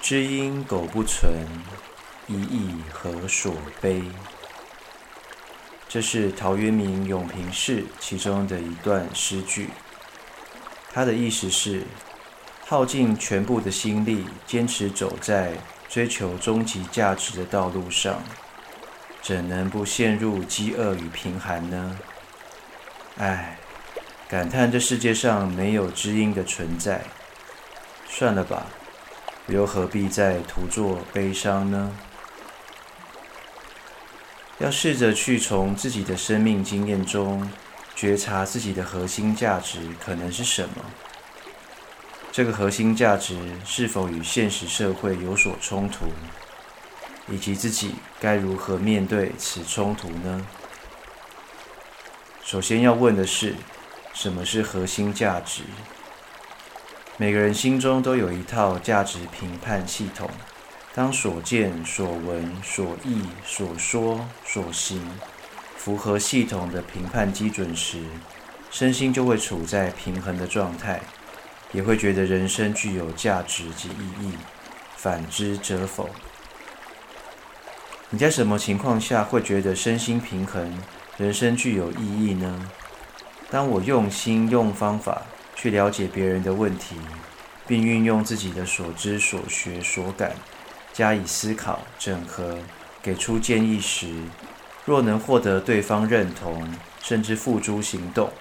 知音苟不存，已矣何所悲？這是陶淵明《詠貧士》其中的一段詩句。他的意思是：耗盡全部的心力，堅持走在追求終極價值的道路上，怎能不陷入飢餓與貧寒呢？唉，感嘆這世界上沒有知音的存在，算了吧。又何必再徒作悲傷呢？要試着去從自己的生命經驗中，覺察自己的核心價值可能是什麼。這個核心價值是否與現實社會有所衝突，以及自己該如何面對此衝突呢？首先要問的是，什麼是核心價值？每個人心中都有一套價值評判系統，當所見、所聞、所意、所說、所行，符合系統的評判基準時，身心就會處在平衡的狀態，也會覺得人生具有價值及意義。反之則否。你在什麼情況下會覺得身心平衡、人生具有意義呢？當我用心用方法。去了解別人的問題，並運用自己的所知所學所感加以思考整合，給出建議時，若能獲得對方認同，甚至付諸行動，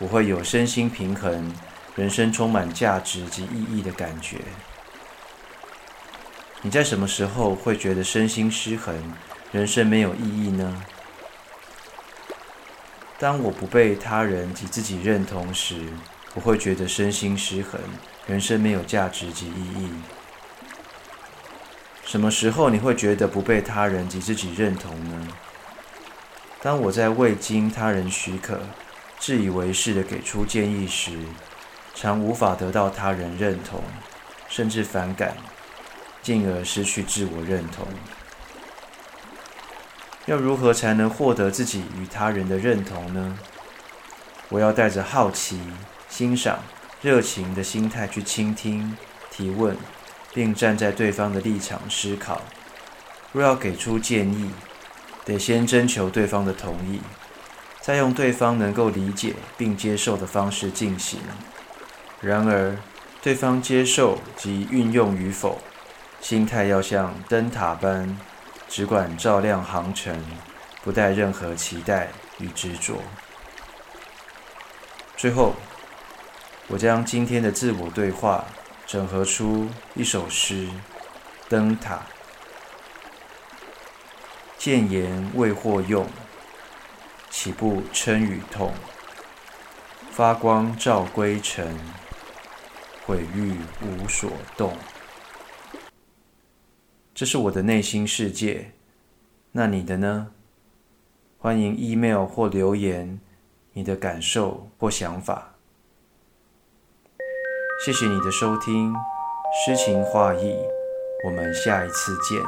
我會有身心平衡、人生充滿價值及意義的感覺。你在什麼時候會覺得身心失衡、人生沒有意義呢？當我不被他人及自己認同時。我會覺得身心失衡，人生沒有價值及意義。什麼時候你會覺得不被他人及自己認同呢？當我在未經他人許可，自以為是的給出建議時，常無法得到他人認同，甚至反感，進而失去自我認同。要如何才能獲得自己與他人的認同呢？我要帶着好奇、欣賞、熱情的心態去傾聽、提問，並站在對方的立場思考。若要給出建議，得先徵求對方的同意，再用對方能夠理解並接受的方式進行。然而，對方接受及運用與否，心態要像燈塔般，只管照亮航程，不帶任何期待與執着。最後，我將今天的自我對話整合出一首詩：燈塔，建言未獲用，豈不嗔與慟？發光照歸程，毀譽無所動。這是我的內心世界，那你的呢？歡迎 email 或留言你的感受或想法。謝謝你的收聽，詩情話意，我們下一次見。